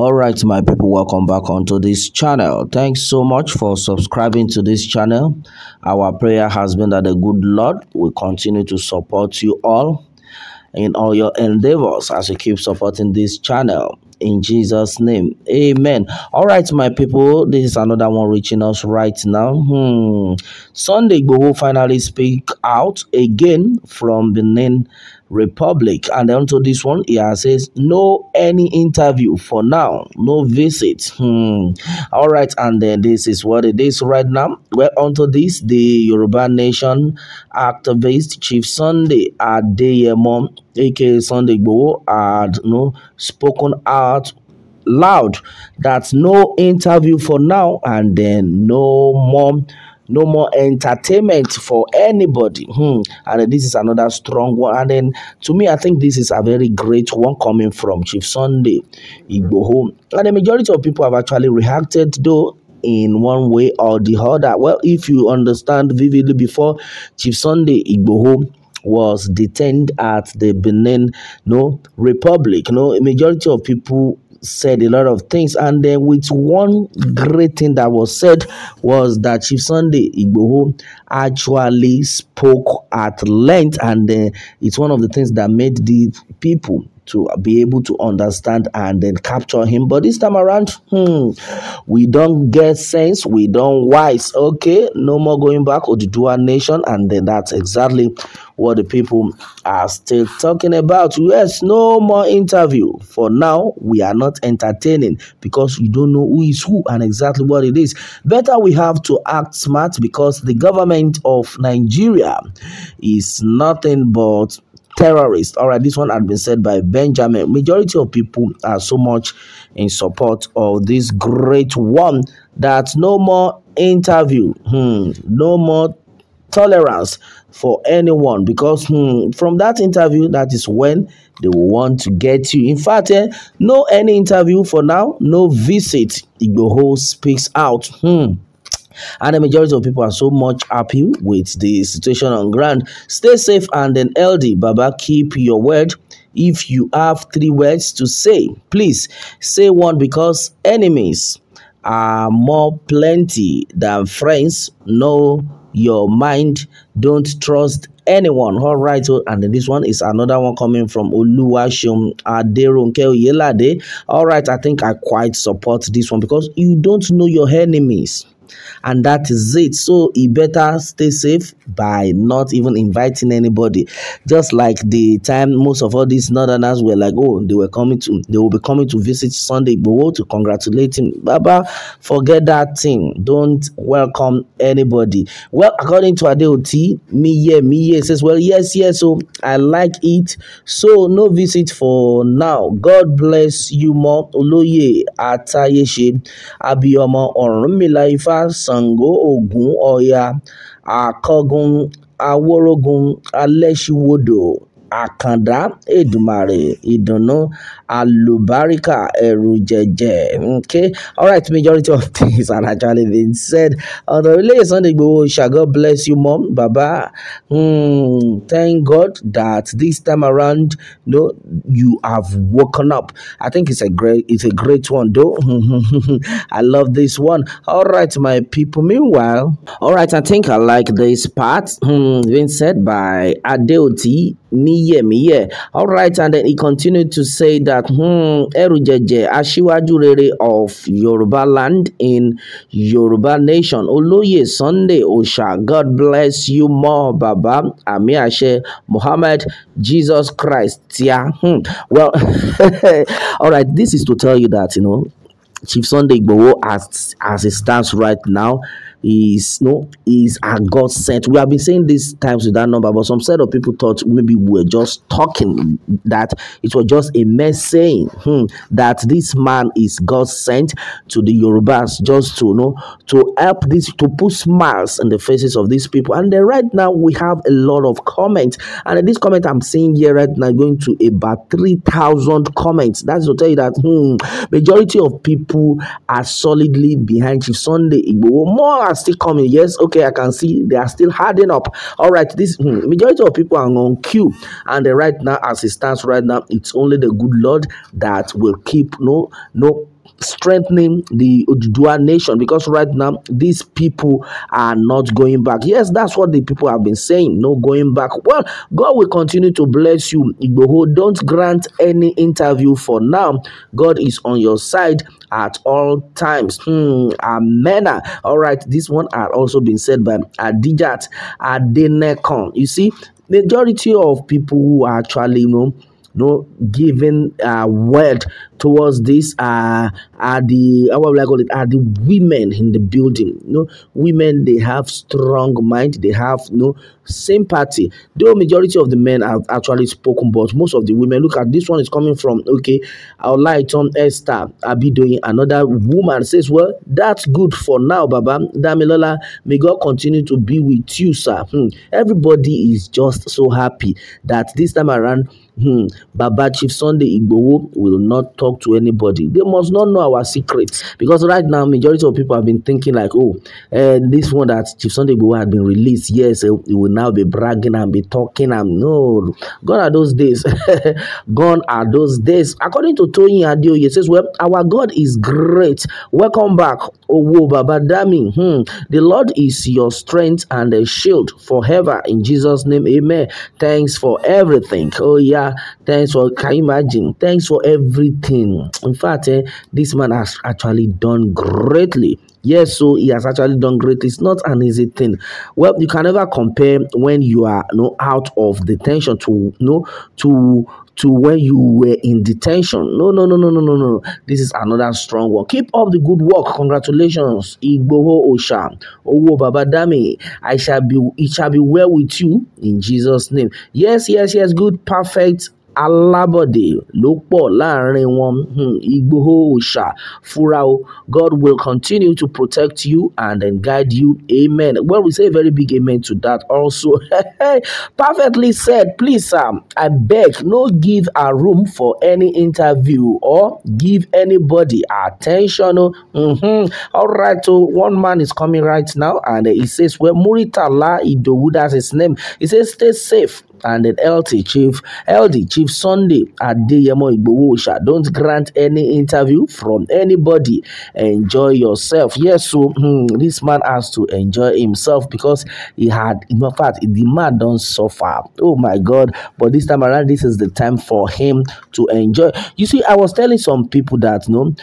all right my people welcome back onto this channel thanks so much for subscribing to this channel our prayer has been that the good lord will continue to support you all in all your endeavors as you keep supporting this channel in jesus name amen all right my people this is another one reaching us right now hmm. sunday Igboho finally speak out again from benin Republic. And then to this one, he says no any interview for now, no visit. Hmm. All right, and then this is what it is right now. Well, onto this, the Yoruba Nation activist Chief Sunday Adeyemo, aka Sunday Igboho, had you no know, spoken out loud that no interview for now, and then no more no more entertainment for anybody. Hmm. And this is another strong one. And then to me, I think this is a very great one coming from Chief Sunday Igboho. And the majority of people have actually reacted, though in one way or the other. Well, if you understand vividly before Chief Sunday Igboho was detained at the Benin no Republic, no majority of people said a lot of things. And then with one great thing that was said was that Chief Sunday Igboho actually spoke at length. And it's one of the things that made the people to be able to understand and then capture him. But this time around, hmm, we don't get sense, we don't wise. Okay, no more going back to the nation, and then that's exactly what the people are still talking about. Yes, no more interview. For now, we are not entertaining because you don't know who is who and exactly what it is. Better we have to act smart because the government of Nigeria is nothing but Terrorist. All right, this one had been said by Benjamin. Majority of people are so much in support of this great one that no more interview, hmm, no more tolerance for anyone because hmm, from that interview that is when they will want to get you in fact eh, no any interview for now no visit igboho speaks out hmm. And the majority of people are so much happy with the situation on ground. Stay safe and then LD Baba. Keep your word. If you have three words to say, please say one because enemies are more plenty than friends. Know your mind. Don't trust anyone. All right. So, and then this one is another one coming from Oluwashum Aderonke Oyelade. All right. I think I quite support this one because you don't know your enemies and that is it so he better stay safe by not even inviting anybody just like the time most of all these northerners were like oh they were coming to they will be coming to visit sunday Igboho to congratulate him baba forget that thing don't welcome anybody well according to me yeah, me yeah says well yes yes so oh, i like it so no visit for now god bless you more oloye atayeshe abiomo orunmila ifa ṣàǹgó ògún ọ̀yà àkọgun awórògun aléṣíwòdò àkàndá èdùmàrè idono àlùbáríkà erujeje okay all right majority of things are actually been said on the release Sunday Igboho shall God bless you mom baba mm, thank God that this time around you, know, you have woken up I think it's a great it's a great one though I love this one all right my people meanwhile all right I think I like this part mm, being said by Adeoti miye miye all right and then he continued to say that hmm erujeje asiwaju rere of yoruba land in yoruba nation oloye sunday osha god bless you more baba ami Ashe muhammad jesus christ Yeah. hmm. well all right this is to tell you that you know chief sunday igbowo as as it stands right now is no is a God sent. We have been saying these times with that number, but some set of people thought maybe we were just talking that it was just a mess saying hmm, that this man is God sent to the Yorubas just to you know to help this to put smiles in the faces of these people. And then right now we have a lot of comments, and this comment I'm seeing here right now going to about three thousand comments. That's to tell you that hmm, majority of people are solidly behind Chief Sunday Igbo. More are still coming. Yes, okay, I can see they are still hardening up. All right, this hmm, majority of people are on queue, and uh, right now, as it stands right now, it's only the good Lord that will keep no no strengthening the Ududua nation because right now these people are not going back. Yes, that's what the people have been saying. No going back. Well, God will continue to bless you. Igboho, don't grant any interview for now. God is on your side at all times. Hmm, amen. All right, this one had also been said by Adijat Adenekon. You see, majority of people who are actually, you know, no giving a uh, word towards this are are the how will I call it are the women in the building. You know, women they have strong mind, they have you no know, sympathy. Though majority of the men have actually spoken, but most of the women look at this one is coming from okay, our light on Esther I be doing another woman says, Well, that's good for now, Baba. Damilola, may God continue to be with you, sir. Hmm. Everybody is just so happy that this time around, hmm, Baba Chief Sunday Igbo will not talk talk to anybody. They must not know our secrets because right now majority of people have been thinking like, oh, uh, this one that Chief Sunday Igboho had been released, yes, it eh, will now be bragging and be talking I'm no, gone are those days, gone are those days. According to Tony Adio, he says, well, our God is great. Welcome back, Owo Babadami. Hmm. The Lord is your strength and a shield forever. In Jesus' name, Amen. Thanks for everything. Oh yeah, thanks for. Can you imagine? Thanks for everything him. In fact, eh, this man has actually done greatly. Yes, so he has actually done great. It's not an easy thing. Well, you can never compare when you are you know, out of detention to you know, to to when you were in detention. No, no, no, no, no, no, no. This is another strong one. Keep up the good work. Congratulations, Igboho Osha. Owo Babadami. I shall be it shall be well with you in Jesus' name. Yes, yes, yes. Good, perfect alábọ̀dé ló pọ̀ láàrin wọn um ìgbòho òòṣà fura God will continue to protect you and then guide you amen well we say a very big amen to that also perfectly said please sir I beg no give a room for any interview or give anybody attention mm -hmm. all right so one man is coming right now and he says well Muritala Idowu that's his name he says stay safe and then LT Chief, LD Chief Sunday Adeyemo Igbowosha. Don't grant any interview from anybody. Enjoy yourself. Yes, so hmm, this man has to enjoy himself because he had, in fact, the man don't suffer. Oh my God! But this time around, this is the time for him to enjoy. You see, I was telling some people that no,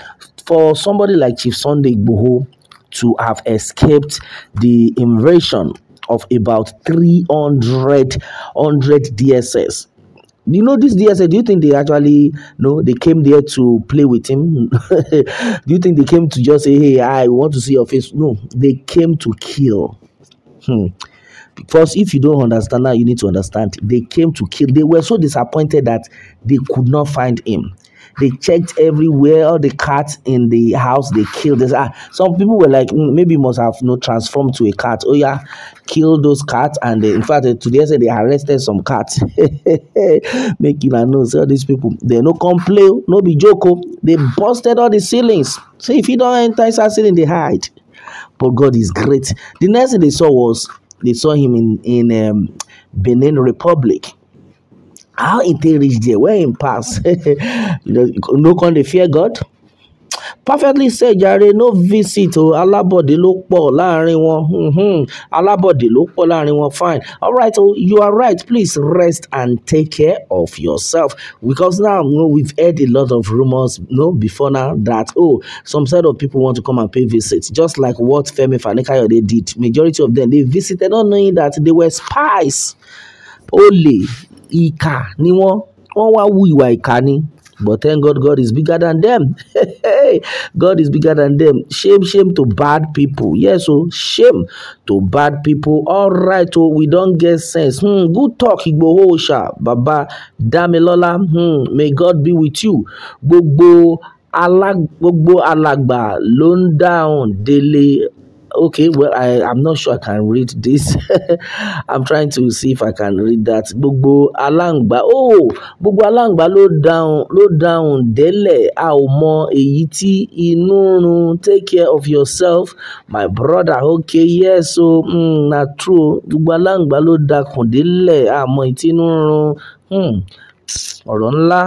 for somebody like Chief Sunday Igboho to have escaped the invasion of about 300 100 DSS. You know this DSS? Do you think they actually no? They came there to play with him. do you think they came to just say, "Hey, I want to see your face"? No, they came to kill. Hmm. Because if you don't understand now, you need to understand. They came to kill. They were so disappointed that they could not find him. They checked everywhere, all the cats in the house they killed. This, ah, some people were like, mm, maybe must have you no know, transformed to a cat. Oh yeah, kill those cats. And they, in fact, eh, today said they arrested some cats. Making a noise. All these people, they no complain, no be joko. Oh. They busted all the ceilings. So if you don't enter inside ceiling, they hide. But God is great. The next thing they saw was they saw him in in um, Benin Republic How it they reach there? Where in pass? you no can they fear God? perfectly said jare no visit o oh, alábọ̀dé ló pọ̀ láàrin wọn mm-hmm. alábọ̀dé ló pọ̀ láàrin wọn fine alright Oh, you are right please rest and take care of yourself because now you know, we've heard a lot of rumours you know, before now that oh some set of people want to come and pay visit just like what Femi Fanikayode did majority of them they visited not knowing that they were spies olè ìkà ni wọ́n wọ́n wá wu ìwà ìkà ni but thank God God is bigger than them God is bigger than them shame shame to bad people yes o oh, shame to bad people All right, o oh, we don get sense hmm, good talk Igboho Oòṣà Baba Damilola hmm, may God be with you gbogbo gbogbo alàgbà ló ń dáhùn délé okay well I, i'm not sure i can read this i'm trying to see if i can read that gbogbo alángbá oh gbogbo alángbá ló dáhùn ló dáhùn délẹ̀ a ò mọ èyí tí inú run take care of yourself my brother okay yes so, mm, na true gbogbo alángbá ló dákùn délẹ̀ a mọ èyí tí inú run hmm, ọ̀rọ̀ ńlá.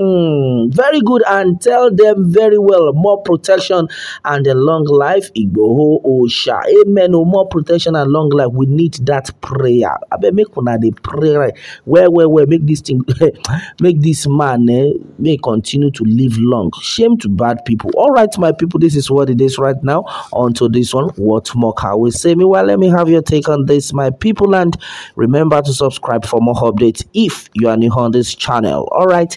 Hmm, very good. And tell them very well, more protection and a long life. Igboho Osha. Amen. Oh, more protection and long life. We need that prayer. I bet make una the prayer. Where, where, where? Make this thing, make this man eh, may continue to live long. Shame to bad people. All right, my people, this is what it is right now. Onto this one, what more can we say? Meanwhile, let me have your take on this, my people, and remember to subscribe for more updates if you are new on this channel. All right.